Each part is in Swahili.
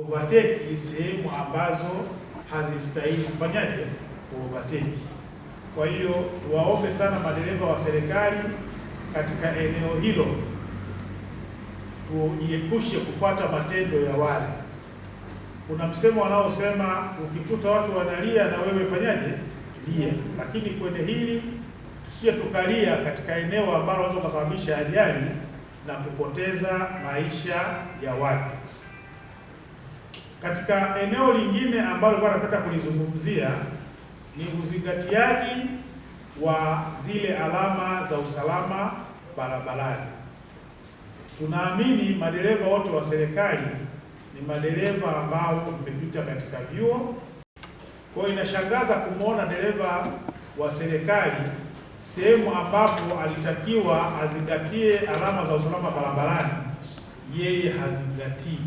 overtake sehemu ambazo hazistahili kufanyaje overtake. Kwa hiyo tuwaombe sana madereva wa serikali katika eneo hilo, tujiepushe kufuata matendo ya wale. Kuna msemo wanaosema ukikuta watu wanalia na wewe fanyaje, lia. Lakini kwenye hili tusije tukalia katika eneo ambalo watu kusababisha ajali na kupoteza maisha ya watu. Katika eneo lingine ambalo kwa napenda kulizungumzia ni uzingatiaji wa zile alama za usalama barabarani. Tunaamini madereva wote wa serikali ni madereva ambao wamepita katika vyuo. Kwa hiyo inashangaza kumwona dereva wa serikali sehemu ambapo alitakiwa azingatie alama za usalama barabarani, yeye hazingatii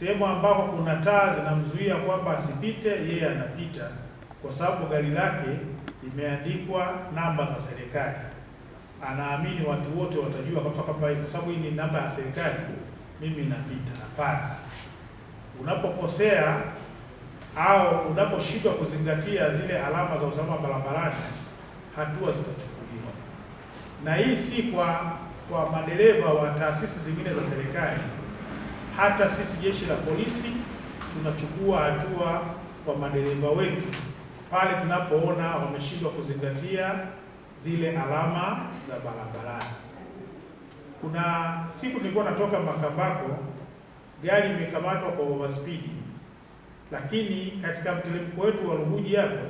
sehemu ambako kuna taa zinamzuia kwamba asipite, yeye anapita kwa sababu gari lake limeandikwa namba za serikali. Anaamini watu wote watajua kwa sababu hii ni namba ya serikali, mimi napita. Hapana, unapokosea au unaposhindwa kuzingatia zile alama za usalama barabarani, hatua zitachukuliwa, na hii si kwa kwa madereva wa taasisi zingine za serikali hata sisi jeshi la polisi tunachukua hatua kwa madereva wetu pale tunapoona wameshindwa kuzingatia zile alama za barabarani. Kuna siku nilikuwa natoka Makambako, gari imekamatwa kwa overspeed, lakini katika mteremko wetu wa Ruguji hapo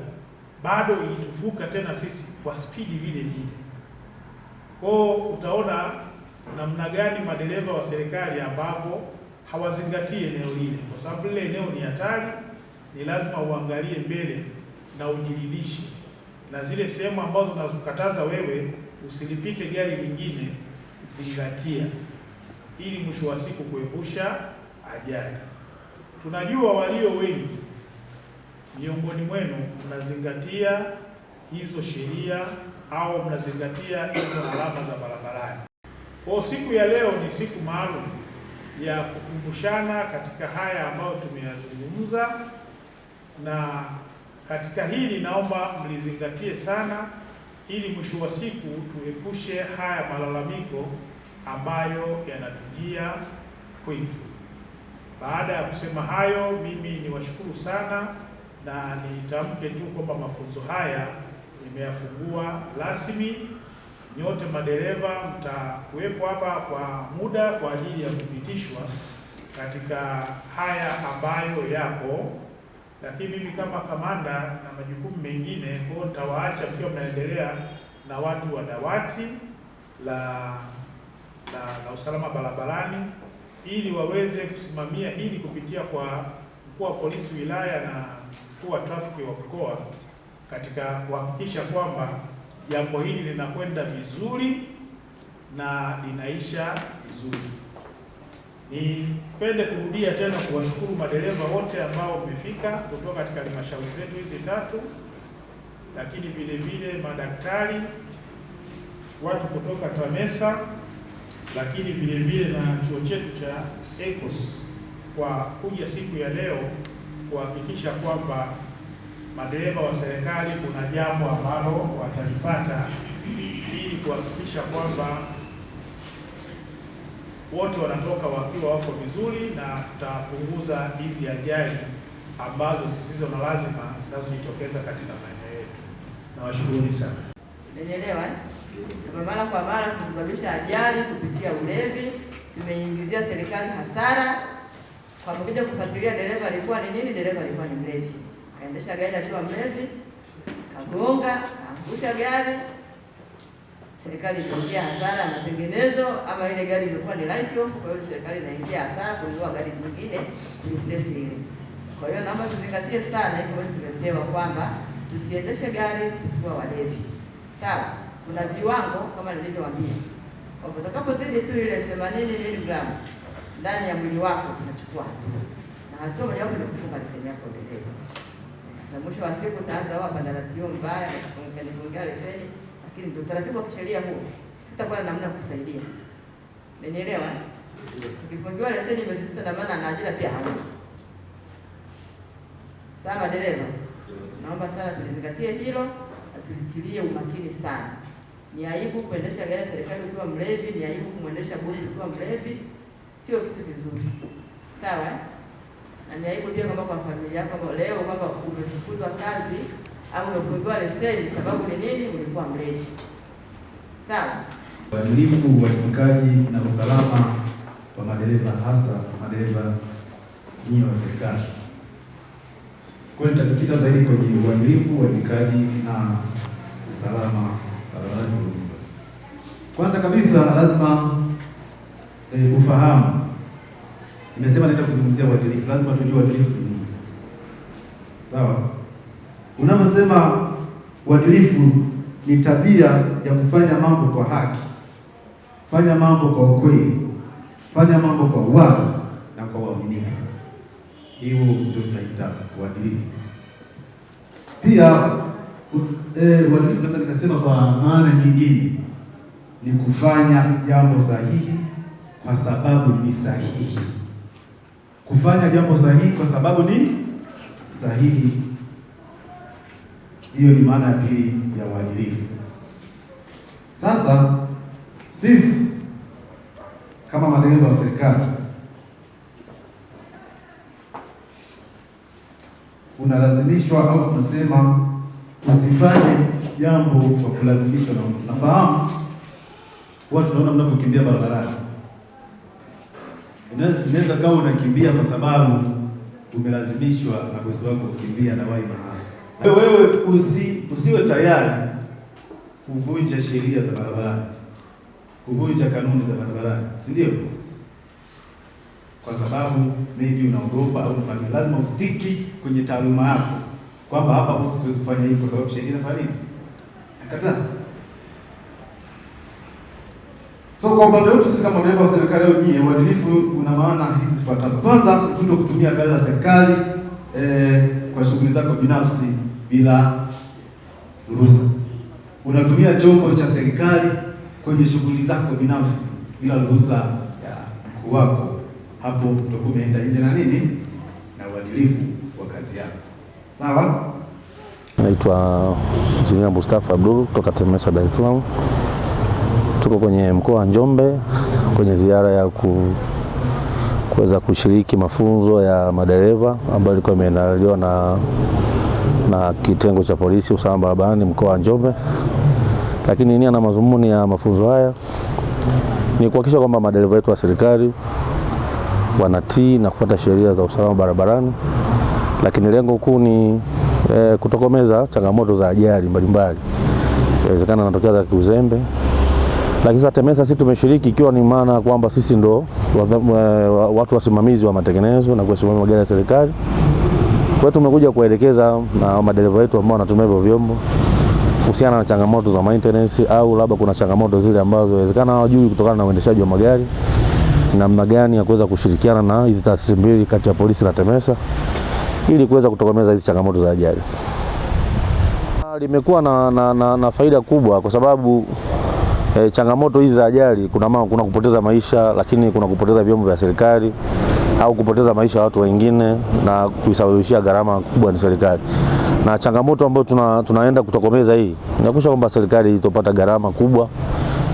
bado ilitufuka tena sisi kwa spidi vile vile. Kwao utaona namna gani madereva wa serikali ambavyo hawazingatii eneo hili, kwa sababu lile eneo ni hatari. Ni lazima uangalie mbele na ujiridhishe, na zile sehemu ambazo zinazokataza wewe usilipite gari lingine, zingatia, ili mwisho wa siku kuepusha ajali. Tunajua walio wengi miongoni mwenu mnazingatia hizo sheria au mnazingatia hizo alama za barabarani. Kwa siku ya leo ni siku maalum ya kukumbushana katika haya ambayo tumeyazungumza, na katika hili naomba mlizingatie sana, ili mwisho wa siku tuepushe haya malalamiko ambayo yanatujia kwetu. Baada ya kusema hayo, mimi niwashukuru sana na nitamke tu kwamba mafunzo haya nimeyafungua rasmi nyote madereva mtakuwepo hapa kwa muda kwa ajili ya kupitishwa katika haya ambayo yapo, lakini mimi kama kamanda na majukumu mengine, kwa nitawaacha mkiwa mnaendelea na watu wa dawati la la, la usalama barabarani ili waweze kusimamia hili kupitia kwa mkuu wa polisi wilaya na mkuu wa trafiki wa mkoa katika kuhakikisha kwamba jambo hili linakwenda vizuri na linaisha vizuri. Nipende kurudia tena kuwashukuru madereva wote ambao wamefika kutoka katika halmashauri zetu hizi tatu, lakini vile vile madaktari, watu kutoka TAMESA, lakini vile vile na chuo chetu cha ECOS kwa kuja siku ya leo kuhakikisha kwamba madereva wa serikali kuna jambo ambalo watalipata ili kuhakikisha kwamba wote wanatoka wakiwa wako vizuri na tutapunguza hizi ajali ambazo zisizo na lazima zinazojitokeza katika maeneo yetu. Nawashukuruni sana. Menyelewa eh? Kwa mara kwa mara kusababisha ajali kupitia ulevi, tumeiingizia serikali hasara kwa kuja kufuatilia dereva alikuwa ni nini, dereva alikuwa ni mlevi kaendesha gari akiwa mlevi, kagonga, kaangusha gari, serikali inaingia hasara na matengenezo, ama ile gari imekuwa ni light off, kwa hiyo serikali inaingia hasara kununua gari nyingine replace ile. Kwa hiyo naomba tuzingatie sana wote tumepewa kwamba tusiendeshe gari tukiwa walevi. Sawa, kuna viwango kama nilivyowaambia, utakapozidi tu ile 80 mg ndani ya mwili wako tunachukua hatua, na hatua mojawapo ni kufunga leseni yako dereva. Sasa mwisho wa siku taanza wao madaratio mbaya kanifungia leseni, lakini ndio taratibu wa kisheria huo, sitakuwa na namna kukusaidia. Umenielewa? Ukifungiwa leseni miezi sita na maana na ajira pia hauna. Sawa dereva, naomba sana tulizingatie hilo na tulitilie umakini sana. Ni aibu kuendesha gari serikali ukiwa mlevi, ni aibu kumwendesha bosi ukiwa mlevi, sio kitu kizuri. Sawa? Eh? na ni kwamba kwa familia yako leo kwamba umefukuzwa kazi au umefungiwa leseni, sababu ni nini? Ulikuwa mlevi. Sawa. Uadilifu, uwajibikaji na usalama kwa madereva, hasa madereva nyinyi wa serikali. Kwa hiyo nitajikita zaidi kwenye uadilifu, uwajibikaji na usalama barabarani. Kwanza kabisa lazima e, ufahamu Nimesema naenda kuzungumzia uadilifu, lazima tujue uadilifu ni nini. Sawa, unaposema uadilifu ni tabia ya kufanya mambo kwa haki, fanya mambo kwa ukweli, fanya mambo kwa uwazi na kwa uaminifu. Hiyo ndio tunaita uadilifu. Pia e, uadilifu naweza nikasema kwa maana nyingine ni kufanya jambo sahihi kwa sababu ni sahihi kufanya jambo sahihi kwa sababu ni sahihi. Hiyo ni maana ya pili ya uadilifu. Sasa sisi kama madereva wa serikali, unalazimishwa au tunasema usifanye jambo kwa kulazimishwa, na mtu nafahamu watu, tunaona mnapokimbia barabarani Inaweza kawa unakimbia kwa sababu umelazimishwa na bosi wako kukimbia na wai mahali. Wewe usi, usiwe tayari kuvunja sheria za barabarani, kuvunja kanuni za barabarani, si ndio? Kwa sababu maybe unaogopa au unafanya, lazima ustiki kwenye taaluma yako kwamba hapa bosi, siwezi kufanya hivi kwa sababu sheria inafanya nini, nakataa So kwa upande wetu sisi kama dereva wa serikali au nyie, uadilifu una maana hizi zifuatazo. Kwanza, kuto kutumia gari la serikali eh, kwa shughuli zako binafsi bila ruhusa. Unatumia chombo cha serikali kwenye shughuli zako binafsi bila ruhusa ya mkuu wako, hapo utakuwa umeenda nje na nini na uadilifu wa kazi yako. Sawa. Naitwa Injinia Mustafa Abdul kutoka TEMESA Dar es Salaam. Tuko kwenye mkoa wa Njombe kwenye ziara ya ku, kuweza kushiriki mafunzo ya madereva ambayo ilikuwa imeandaliwa na, na kitengo cha polisi usalama barabarani mkoa wa Njombe. Lakini nia na madhumuni ya mafunzo haya ni kuhakikisha kwamba madereva wetu wa serikali wanatii na kufuata sheria za usalama barabarani, lakini lengo kuu ni eh, kutokomeza changamoto za ajali mbalimbali, inawezekana natokea za kiuzembe lakini sasa TEMESA sisi tumeshiriki ikiwa ni maana kwamba sisi ndo watu wasimamizi wa matengenezo na kusimamia magari ya serikali. Kwa hiyo tumekuja kuelekeza na madereva wetu ambao wanatumia hivyo vyombo kuhusiana na changamoto za maintenance, au labda kuna changamoto zile ambazo inawezekana hawajui kutokana na uendeshaji wa magari, namna gani ya kuweza kushirikiana na hizi taasisi mbili kati ya polisi na TEMESA ili kuweza kutokomeza hizi changamoto za ajali. Ah, limekuwa na, na, na, na faida kubwa kwa sababu E, changamoto hizi za ajali kuna, ma, kuna kupoteza maisha lakini kuna kupoteza vyombo vya serikali au kupoteza maisha ya watu wengine na kuisababishia gharama kubwa ni serikali, na changamoto ambayo tuna, tunaenda kutokomeza hii inakusha kwamba serikali itopata gharama kubwa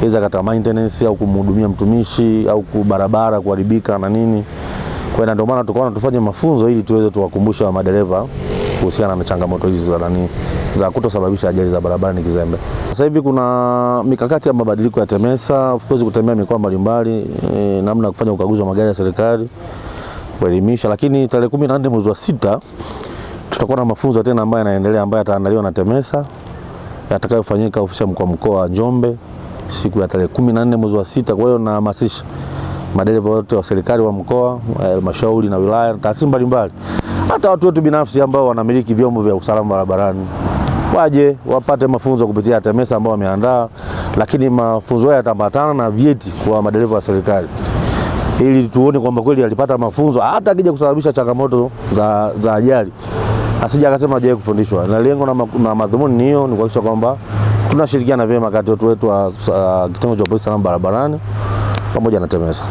iza kata maintenance au kumhudumia mtumishi au kubarabara kuharibika na nini. Kwa ndio maana tukaona tufanye mafunzo ili tuweze tuwakumbusha madereva kuhusiana na changamoto hizi za nani za kutosababisha ajali za barabara ni kizembe. Sasa hivi kuna mikakati ya mabadiliko ya TEMESA, of course kutembea mikoa mbalimbali e, namna ya kufanya ukaguzi wa magari ya serikali kuelimisha, lakini tarehe kumi na nne mwezi wa sita tutakuwa na mafunzo tena ambayo yanaendelea ambayo yataandaliwa na TEMESA yatakayofanyika ofisi ya mkoa wa Njombe siku ya tarehe kumi na nne mwezi wa sita. Kwa hiyo nahamasisha madereva wote wa serikali wa mkoa, halmashauri na wilaya na taasisi mbalimbali, hata watu wetu binafsi ambao wanamiliki vyombo vya usalama barabarani waje wapate mafunzo kupitia TEMESA ambao wameandaa, lakini mafunzo haya yatambatana na vyeti kwa madereva wa serikali ili tuone kwamba kweli alipata mafunzo, hata akija kusababisha changamoto za, za ajali asija akasema hajawahi kufundishwa. Na lengo na, na madhumuni ni hiyo, ni kuhakikisha kwamba tunashirikiana vyema kati yetu wetu wa uh, kitengo cha polisi salama barabarani pamoja na TEMESA.